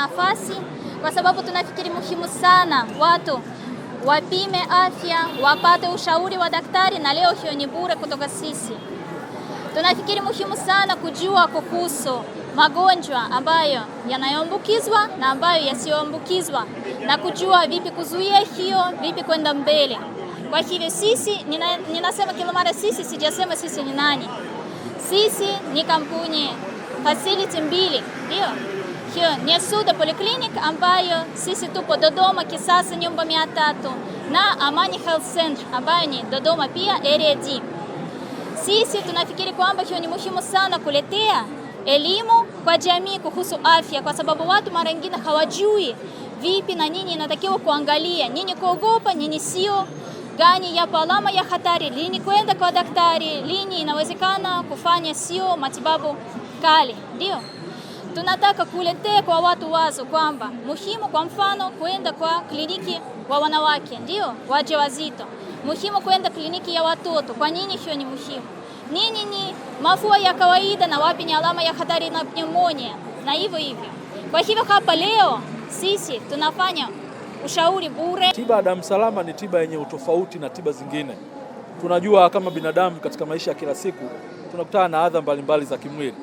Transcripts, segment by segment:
nafasi, kwa sababu tunafikiri muhimu sana watu wapime afya, wapate ushauri wa daktari, na leo hiyo ni bure kutoka sisi. Tunafikiri muhimu sana kujua kuhusu magonjwa ambayo yanayoambukizwa na ambayo yasiyoambukizwa na kujua vipi kuzuia hiyo, vipi kwenda mbele. Kwa hivyo sisi nina, ninasema kila mara sisi, sijasema sisi ni nani. Sisi ni kampuni facility mbili, ndio. Nyasuda Polyclinic ambayo sisi tupo Dodoma kisasa nyumba mia tatu na Amani Health Center ambayo ni Dodoma pia area D. Sisi tunafikiri kwamba hiyo ni muhimu sana kuletea elimu kwa jamii kuhusu afya, kwa sababu watu mara nyingine hawajui vipi na nini inatakiwa kuangalia, nini kuogopa, nini sio gani yapo alama ya hatari, lini kwenda kwa daktari, lini inawezekana kufanya sio matibabu kali, ndio tunataka kuletea kwa watu wazo kwamba muhimu, kwa mfano, kwenda kwa kliniki wa wanawake ndio waje wazito muhimu kwenda kliniki ya watoto. Kwa nini hiyo ni muhimu? Nini ni mafua ya kawaida na wapi ni alama ya hatari na pneumonia na hivyo hivyo. Kwa hivyo hapa leo sisi tunafanya ushauri bure. Tiba ya damu salama ni tiba yenye utofauti na tiba zingine. Tunajua kama binadamu katika maisha ya kila siku tunakutana na adha mbalimbali za kimwili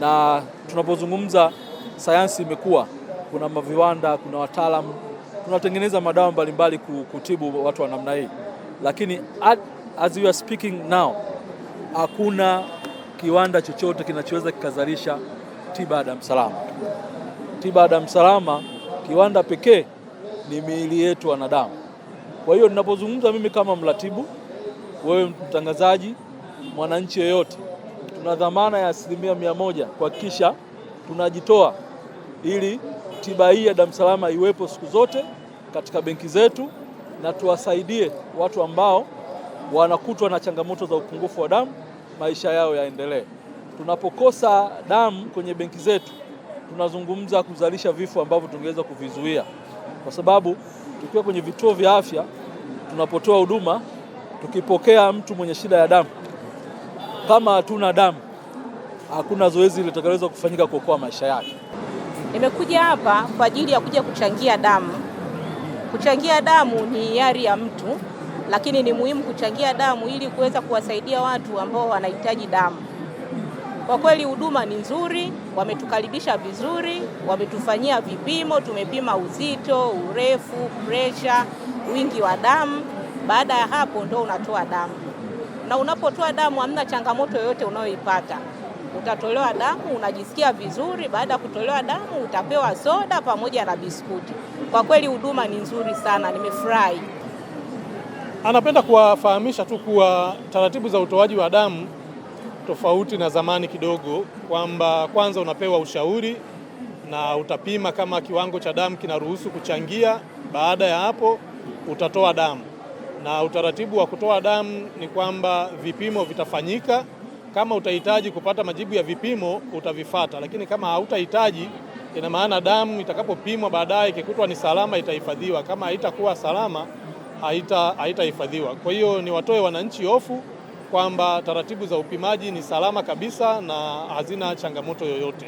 na tunapozungumza sayansi imekuwa, kuna maviwanda, kuna wataalamu, tunatengeneza madawa mbalimbali kutibu watu wa namna hii, lakini as we are speaking now hakuna kiwanda chochote kinachoweza kikazalisha tiba ya damu salama. Tiba ya damu salama, kiwanda pekee ni miili yetu wanadamu. Kwa hiyo ninapozungumza mimi kama mratibu, wewe mtangazaji, mwananchi yeyote tuna dhamana ya asilimia mia moja kuhakikisha tunajitoa ili tiba hii ya damu salama iwepo siku zote katika benki zetu na tuwasaidie watu ambao wanakutwa na changamoto za upungufu wa damu, maisha yao yaendelee. Tunapokosa damu kwenye benki zetu, tunazungumza kuzalisha vifo ambavyo tungeweza kuvizuia, kwa sababu tukiwa kwenye vituo vya afya tunapotoa huduma, tukipokea mtu mwenye shida ya damu kama hatuna damu hakuna zoezi litakaloweza kufanyika kuokoa maisha yake. Nimekuja hapa kwa ajili ya kuja kuchangia damu. Kuchangia damu ni hiari ya mtu, lakini ni muhimu kuchangia damu ili kuweza kuwasaidia watu ambao wanahitaji damu. Kwa kweli huduma ni nzuri, wametukaribisha vizuri, wametufanyia vipimo, tumepima uzito, urefu, presha, wingi wa damu. Baada ya hapo ndo unatoa damu na unapotoa damu hamna changamoto yoyote unayoipata. Utatolewa damu, unajisikia vizuri. Baada ya kutolewa damu, utapewa soda pamoja na biskuti. Kwa kweli huduma ni nzuri sana, nimefurahi. Anapenda kuwafahamisha tu kuwa taratibu za utoaji wa damu tofauti na zamani kidogo, kwamba kwanza unapewa ushauri na utapima kama kiwango cha damu kinaruhusu kuchangia. Baada ya hapo utatoa damu na utaratibu wa kutoa damu ni kwamba vipimo vitafanyika. Kama utahitaji kupata majibu ya vipimo utavifata, lakini kama hautahitaji, ina maana damu itakapopimwa baadaye ikikutwa ni salama itahifadhiwa, kama haitakuwa salama haitahifadhiwa. kwa hiyo niwatoe wananchi hofu kwamba taratibu za upimaji ni salama kabisa na hazina changamoto yoyote.